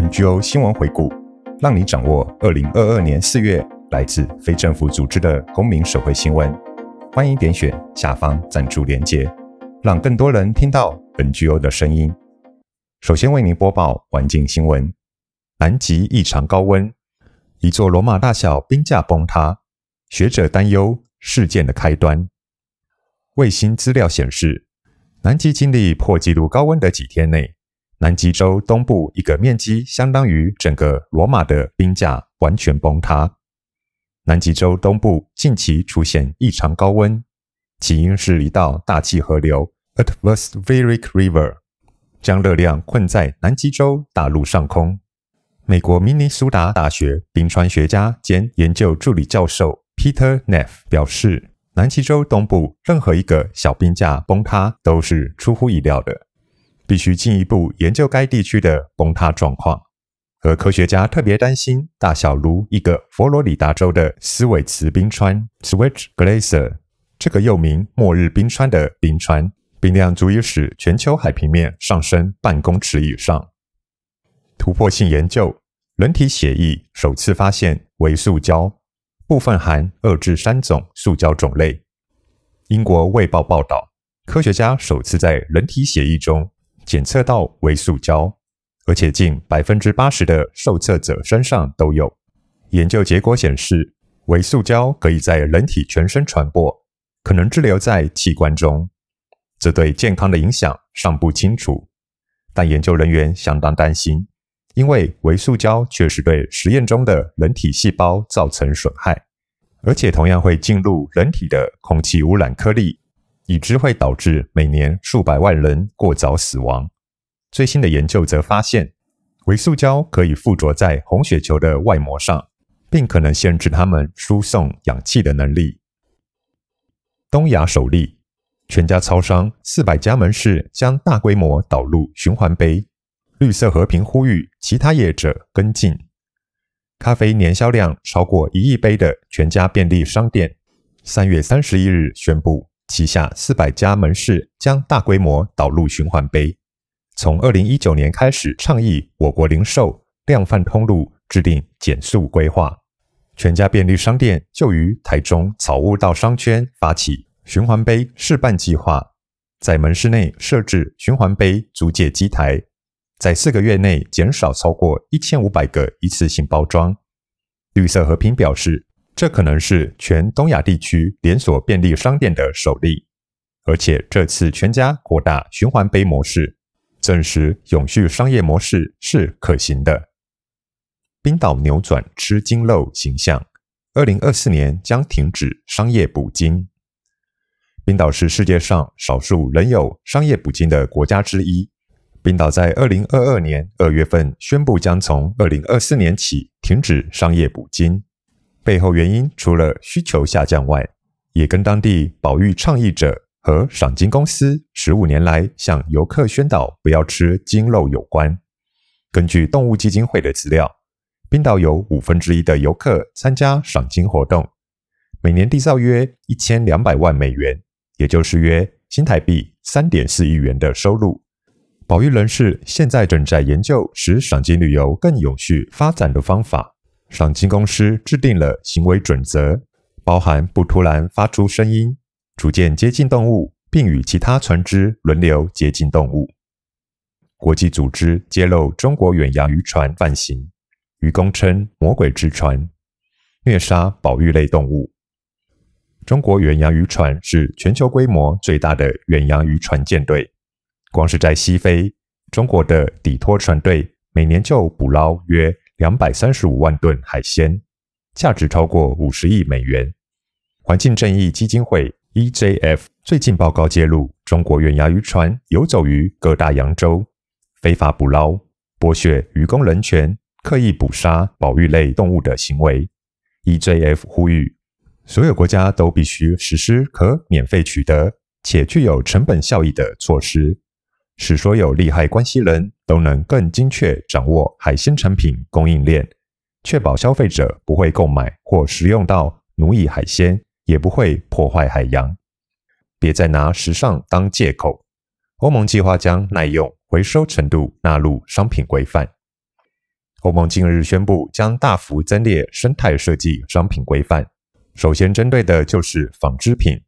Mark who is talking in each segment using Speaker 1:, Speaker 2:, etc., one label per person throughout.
Speaker 1: NGO 新聞回顧，讓你掌握二零二二年四月來自非政府組織的公民社會新聞。歡迎點選下方贊助連結，讓更多人聽到 NGO 的聲音。首先為您播報環境新聞：南極異常高溫，一座羅馬大小冰架崩塌，學者擔憂事件的開端。衛星資料顯示，南極經歷破紀錄高溫的幾天內，南極洲東部一個面積相當於整個羅馬的冰架完全崩塌。南極洲東部近期出現異常高溫，起因是一道大氣河流 （Atmospheric River） 將熱量困在南極洲大陸上空。美國明尼蘇達大學冰川學家兼研究助理教授 Peter Neff 表示：“南極洲東部任何一個小冰架崩塌都是出乎意料的。”必須進一步研究該地區的崩塌狀況，而科學家特別擔心大小如一個佛羅里達州的斯韋茨冰川 Switch Glacier 這個又名“末日冰川”的冰川，冰量足以使全球海平面上升半公尺以上。突破性研究：人體血液首次發現微塑膠，部分含二至三種塑膠種類。英國《衛報》報道，科學家首次在人體血液中。檢測到微塑膠，而且近百分之八十的受測者身上都有。研究結果顯示，微塑膠可以在人體全身傳播，可能滯留在器官中。這對健康的影響尚不清楚，但研究人員相當擔心，因為微塑膠確實對實驗中的人體細胞造成損害，而且同樣會進入人體的空氣污染顆粒。以致會導致每年數百萬人過早死亡。最新的研究則發現，微塑膠可以附着在紅血球的外膜上，並可能限制他們輸送氧氣的能力。東亞首例，全家超商四百家門市將大規模導入循環杯，綠色和平呼籲其他業者跟進。咖啡年銷量超過一億杯的全家便利商店，三月三十一日宣布，旗下四百家門市將大規模導入循環杯。從二零一九年開始倡議，我國零售量販通路制定減速規劃。全家便利商店就於台中草悟道商圈發起循環杯示範計劃，在門市內設置循環杯租借機台，在四個月內減少超過一千五百個一次性包裝。綠色和平表示。這可能是全東亞地區連鎖便利商店的首例，而且這次全家擴大循環杯模式，證實永續商業模式是可行的。冰島扭轉吃鯨肉形象，二零二四年將停止商業捕鯨。冰島是世界上少數仍有商業捕鯨的國家之一。冰島在二零二二年二月份宣布，將從二零二四年起停止商業捕鯨。背後原因，除了需求下降外，也跟當地保育倡議者和賞鯨公司十五年來向遊客宣導不要吃鯨肉有關。根據動物基金會的資料，冰島有五分之一的遊客參加賞鯨活動，每年締造約一千兩百萬美元，也就是約新台幣三點四億元的收入。保育人士現在正在研究使賞鯨旅遊更永續發展的方法。賞鯨公司制定了行為準則，包含不突然發出聲音、逐漸接近動物，並與其他船隻輪流接近動物。國際組織揭露中國遠洋漁船犯行，漁工稱“魔鬼之船”虐殺保育類動物。中國遠洋漁船是全球規模最大的遠洋漁船艦隊，光是在西非，中國的底拖船隊每年就捕撈約兩百三十五萬噸海鮮，價值超過五十億美元。環境正義基金會 （EJF） 最近報告揭露，中國遠洋漁船游走於各大洋洲，非法捕撈、剝削漁工人權、刻意捕殺保育類動物的行為。EJF 呼籲，所有國家都必須實施可免費取得且具有成本效益的措施。使所有利害關係人都能更精確掌握海鮮產品供應鏈，確保消費者不會購買或食用到奴役海鮮，也不會破壞海洋。別再拿時尚當借口。歐盟計劃將耐用、回收程度納入商品規範。歐盟近日宣布將大幅增列生態設計商品規範，首先針對的就是紡織品。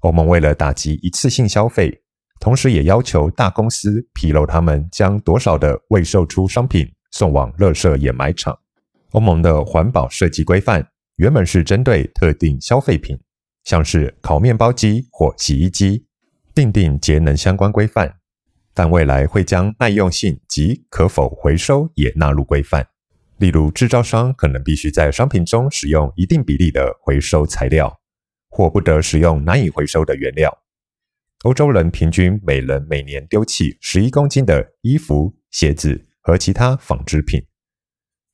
Speaker 1: 歐盟為了打擊一次性消費。同時也要求大公司披露他們將多少的未售出商品送往垃圾掩埋場。歐盟的環保設計規範原本是針對特定消費品，像是烤麵包機或洗衣機，訂定節能相關規範，但未來會將耐用性及可否回收也納入規範。例如，製造商可能必須在商品中使用一定比例的回收材料，或不得使用難以回收的原料。歐洲人平均每人每年丟棄十一公斤的衣服、鞋子和其他紡織品。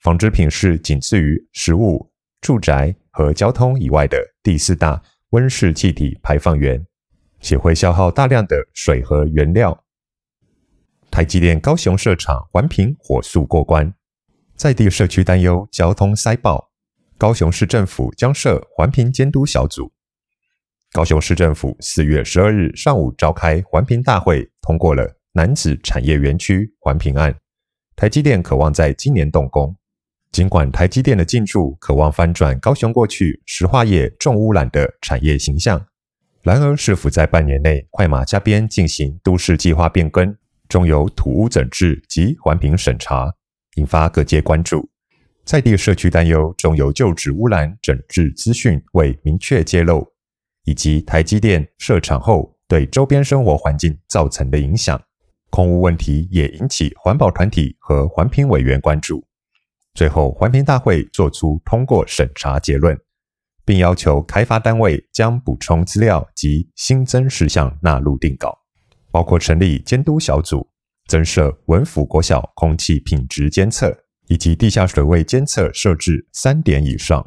Speaker 1: 紡織品是僅次於食物、住宅和交通以外的第四大溫室氣體排放源，且會消耗大量的水和原料。台積電高雄設廠環評火速過關，在地社區擔憂交通塞爆，高雄市政府將設環評監督小組。高雄市政府四月十二日上午召開環評大會，通過了楠梓產業園區環評案。台積電渴望在今年動工，儘管台積電的進駐渴望翻轉高雄過去石化業重污染的產業形象，然而市府在半年內快馬加鞭進行都市計劃變更，中油土污整治及環評審查，引發各界關注。在地社區擔憂中油舊址污染整治資訊未明確揭露。以及台積電設廠後對周邊生活環境造成的影響，空污問題也引起環保團體和環評委員關注。最後，環評大會作出通過審查結論，並要求開發單位將補充資料及新增事項納入定稿，包括成立監督小組、增設文府國小空氣品質監測以及地下水位監測設置三點以上。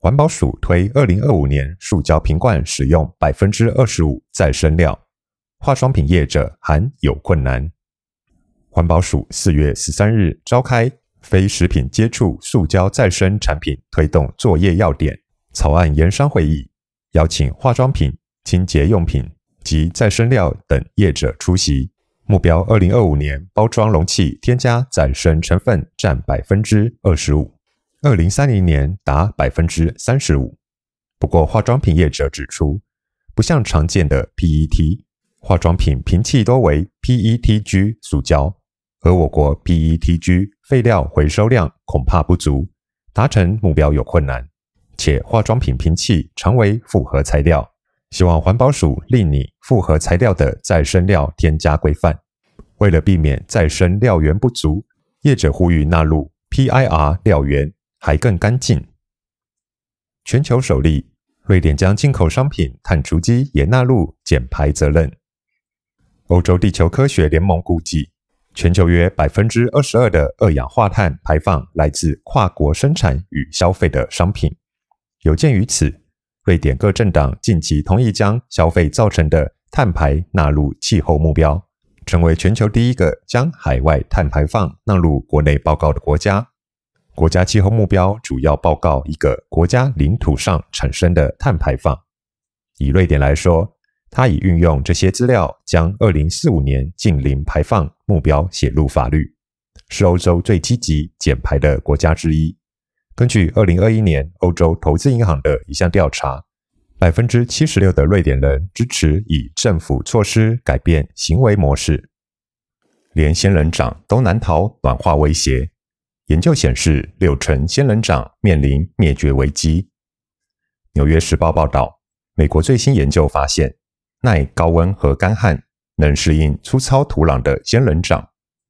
Speaker 1: 環保署推二零二五年塑膠瓶罐使用百分之二十五再生料，化妝品業者喊有困難。環保署四月十三日召開非食品接觸塑膠再生產品推動作業要點草案研商會議，邀請化妝品、清潔用品及再生料等業者出席，目標二零二五年包裝容器添加再生成分占百分之二十五。二零三零年達百分之三十五。不過，化妝品業者指出，不像常見的 PET，化妝品瓶器多為 PETG 塑膠，而我國 PETG 廢料回收量恐怕不足，達成目標有困難。且化妝品瓶器常為複合材料，希望環保署另擬複合材料的再生料添加規範。為了避免再生料源不足，業者呼籲納入 PIR 料源。還更乾淨。全球首例，瑞典將進口商品碳足跡也納入減排責任。歐洲地球科學聯盟估計，全球約百分之二十二的二氧化碳排放來自跨國生產與消費的商品。有鑑於此，瑞典各政黨近期同意將消費造成的碳排納入氣候目標，成為全球第一個將海外碳排放納入國內報告的國家。國家氣候目標主要報告一個國家領土上產生的碳排放。以瑞典來說，它已運用這些資料，將2045年淨零排放目標寫入法律，是歐洲最積極減排的國家之一。根據2021年歐洲投資銀行的一項調查，百分之七十六的瑞典人支持以政府措施改變行為模式。連仙人掌都難逃暖化威脅。研究顯示，六成仙人掌面臨滅絕危機。《紐約時報》報道，美國最新研究發現，耐高溫和乾旱、能適應粗糙土壤的仙人掌，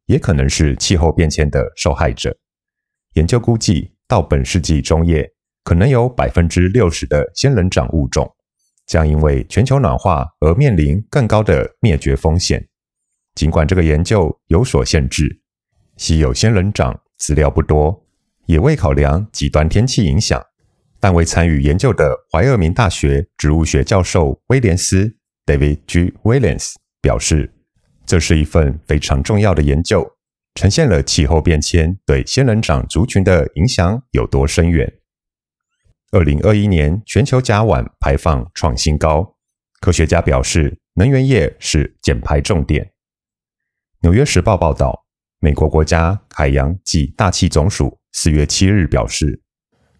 Speaker 1: 也可能是氣候變遷的受害者。研究估計，到本世紀中葉，可能有百分之六十的仙人掌物種將因為全球暖化而面臨更高的滅絕風險。儘管這個研究有所限制，稀有仙人掌。資料不多，也未考量極端天氣影響，但未參與研究的懷俄明大學植物學教授威廉斯 （David G. Williams） 表示，這是一份非常重要的研究，呈現了氣候變遷對仙人掌族群的影響有多深遠。二零二一年全球甲烷排放創新高，科學家表示能源業是減排重點。《紐約時報》報道。美國國家海洋及大氣總署四月七日表示，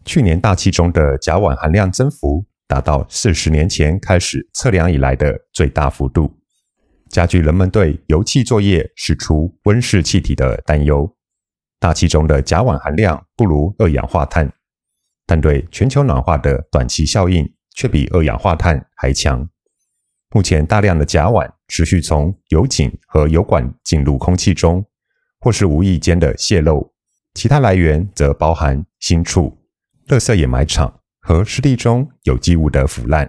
Speaker 1: 去年大氣中的甲烷含量增幅達到四十年前開始測量以來的最大幅度，加劇人們對油氣作業釋出溫室氣體的擔憂。大氣中的甲烷含量不如二氧化碳，但對全球暖化的短期效應卻比二氧化碳還強。目前，大量的甲烷持續從油井和油管進入空氣中。或是無意間的洩漏，其他來源則包含牲畜、垃圾掩埋場和濕地中有機物的腐爛。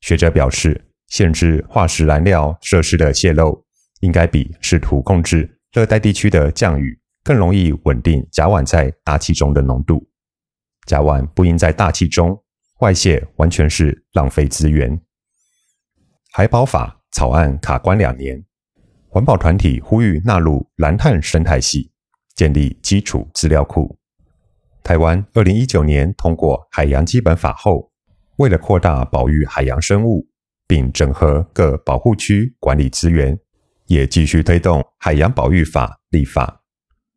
Speaker 1: 學者表示，限制化石燃料設施的洩漏，應該比試圖控制熱帶地區的降雨更容易穩定甲烷在大氣中的濃度。甲烷不應在大氣中外洩，完全是浪費資源。海保法草案卡關兩年。環保團體呼籲納入藍碳生態系，建立基礎資料庫。台灣2019年通過《海洋基本法》後，為了擴大保育海洋生物，並整合各保護區管理資源，也繼續推動《海洋保育法》立法。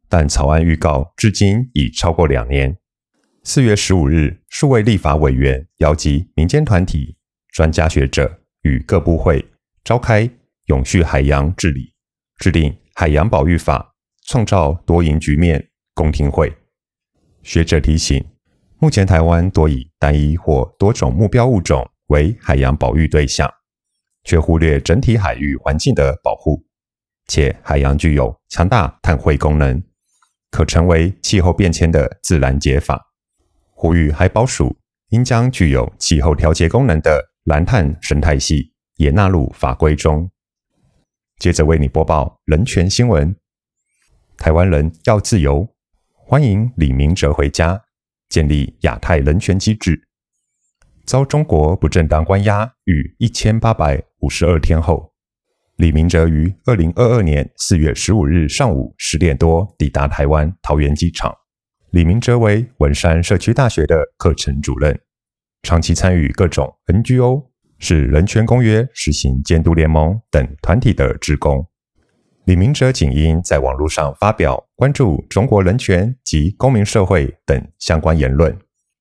Speaker 1: 但草案預告至今已超過兩年。4月15日，數位立法委員邀集民間團體、專家學者與各部會召開。永續海洋治理，制定海洋保育法，創造多贏局面公。公聽會學者提醒，目前台灣多以單一或多種目標物種為海洋保育對象，卻忽略整體海域環境的保護。且海洋具有強大碳匯功能，可成為氣候變遷的自然解法。呼籲海保署應將具有氣候調節功能的藍碳生態系也納入法規中。接着為你播報人權新聞：台灣人要自由，歡迎李明哲回家，建立亞太人權機制。遭中國不正當關押逾一千八百五十二天後，李明哲於二零二二年四月十五日上午十點多抵達台灣桃園機場。李明哲為文山社區大學的課程主任，長期參與各種 NGO。是人權公約、實行監督聯盟等團體的職工。李明哲僅因在網絡上發表關注中國人權及公民社會等相關言論，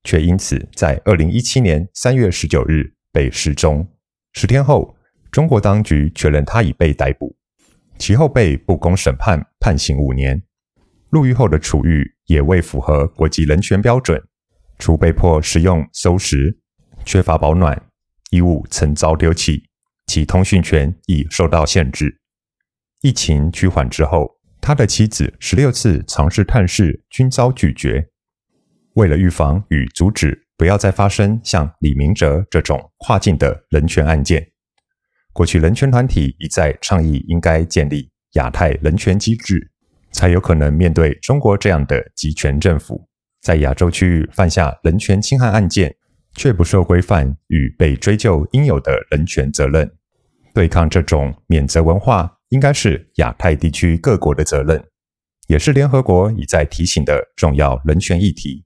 Speaker 1: 卻因此在二零一七年三月十九日被失蹤。十天後，中國當局確認他已被逮捕，其後被不公審判，判，判刑五年。入獄後的處遇也未符合國際人權標準，除被迫食用餿食，缺乏保暖衣物曾遭丟棄，其通訊權已受到限制。疫情趨緩之後，他的妻子十六次嘗試探視均遭拒絕。為了預防與阻止不要再發生像李明哲這種跨境的人權案件，過去人權團體一再倡議應該建立亞太人權機制，才有可能面對中國這樣的極權政府，在亞洲區域犯下人權侵害案件。卻不受規範與被追究應有的人權責任，對抗這種免責文化，應該是亞太地區各國的責任，也是聯合國已在提醒的重要人權議題。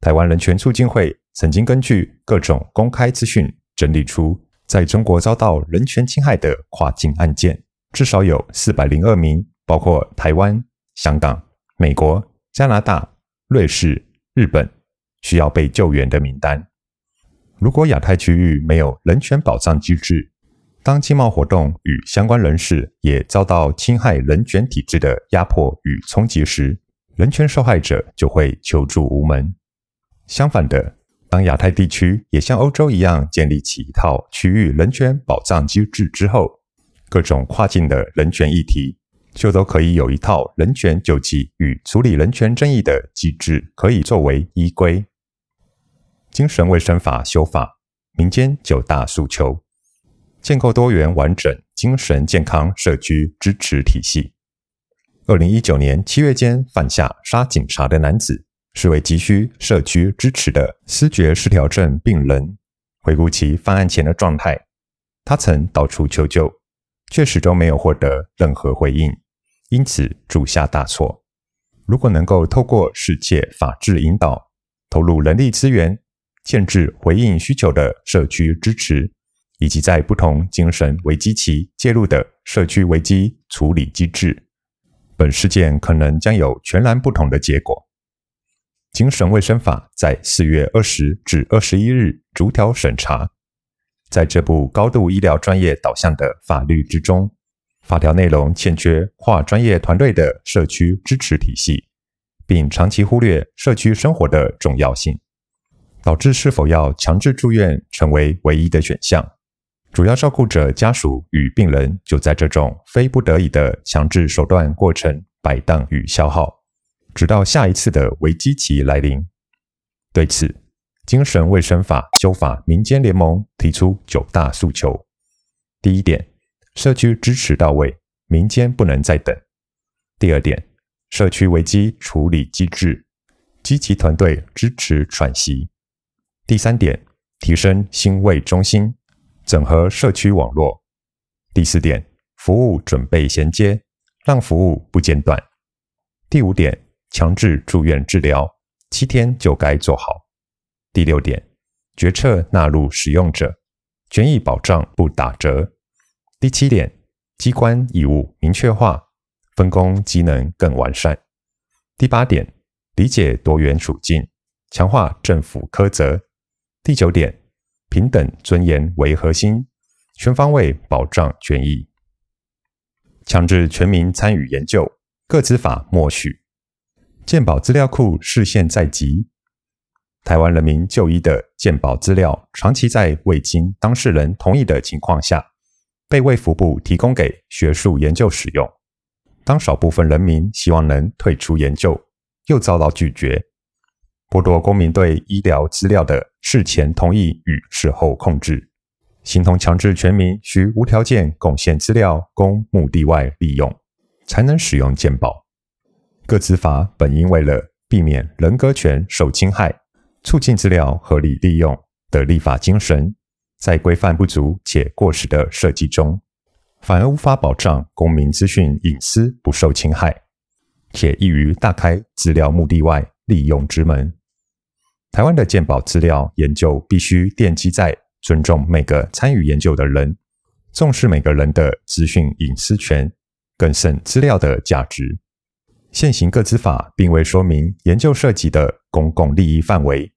Speaker 1: 台灣人權促進會曾經根據各種公開資訊整理出，在中國遭到人權侵害的跨境案件，至少有四百零二名，包括台灣、香港、美國、加拿大、瑞士、日本。需要被救援的名單。如果亞太區域沒有人權保障機制，當經貿活動與相關人士也遭到侵害人權體制的壓迫與衝擊時，人權受害者就會求助無門。相反的，當亞太地區也像歐洲一樣建立起一套區域人權保障機制之後，各種跨境的人權議題就都可以有一套人權救濟與處理人權爭議的機制，可以作為依歸。精神衛生法修法，民間九大訴求，建構多元完整精神健康社區支持體系。二零一九年七月間犯下殺警察的男子，是位急需社區支持的思覺失調症病人。回顧其犯案前的狀態，他曾到處求救，却始終沒有獲得任何回應，因此鑄下大錯。如果能夠透過世界法治引導，投入人力資源。限制回應需求的社區支持，以及在不同精神危機期介入的社區危機處理機制，本事件可能將有全然不同的結果。精神衛生法在四月二十至二十一日逐條審查，在這部高度醫療專業導向的法律之中，法條內容欠缺跨專業團隊的社區支持體系，並長期忽略社區生活的重要性。導致是否要強制住院成為唯一的選項，主要照顧者、家屬與病人就在這種非不得已的強制手段過程擺盪與消耗，直到下一次的危機期來臨。對此，精神衛生法修法民間聯盟提出九大訴求：第一點，社區支持到位，民間不能再等；第二點，社區危機處理機制，積極團隊支持喘息。第三點，提升心衛中心，整合社區網絡。第四點，服務準備銜接，讓服務不間斷。第五點，強制住院治療，七天就該做好。第六點，決策納入使用者，權益保障不打折。第七點，機關義務明確化，分工機能更完善。第八點，理解多元處境，強化政府苛責。第九點，平等尊嚴為核心，全方位保障權益。強制全民參與研究，個資法默許。健保資料庫釋憲在即，台灣人民就醫的健保資料，長期在未經當事人同意的情況下，被衛福部提供給學術研究使用。當少部分人民希望能退出研究，又遭到拒絕，剝奪公民對醫療資料的。事前同意與事後控制，形同強制全民需無條件貢獻資料供目的外利用，才能使用健保。個資法本應為了避免人格權受侵害、促進資料合理利用的立法精神，在規範不足且過時的設計中，反而無法保障公民資訊隱私不受侵害，且易於大開資料目的外利用之門。台灣的健保資料研究必須奠基在尊重每個參與研究的人，重視每個人的資訊隱私權，更甚資料的價值。現行個資法並未說明研究涉及的公共利益範圍，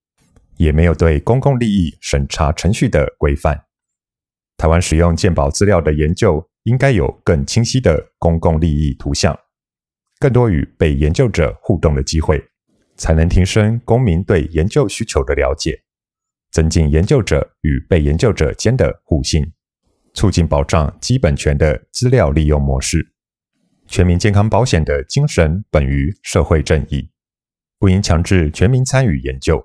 Speaker 1: 也沒有對公共利益審查程序的規範。台灣使用健保資料的研究應該有更清晰的公共利益圖像，更多與被研究者互動的機會。才能提升公民對研究需求的了解，增進研究者與被研究者間的互信，促進保障基本權的資料利用模式。全民健康保險的精神本於社會正義，不應強制全民參與研究，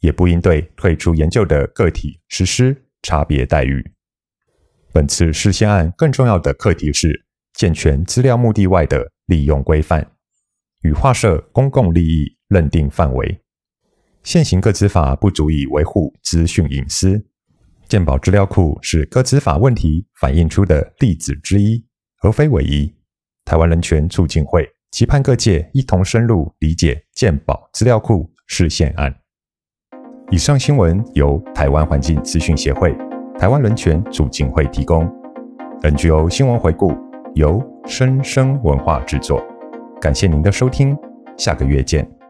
Speaker 1: 也不應對退出研究的個體實施差別待遇。本次釋憲案更重要的課題是健全資料目的外的利用規範，與劃設公共利益。認定範圍，現行個資法不足以維護資訊隱私，健保資料庫是個資法問題反映出的例子之一，而非唯一。台灣人權促進會期盼各界一同深入理解健保資料庫釋憲案。以上新聞由台灣環境資訊協會、台灣人權促進會提供。N G O 新聞回顧由生聲文化製作，感謝您的收聽，下個月見。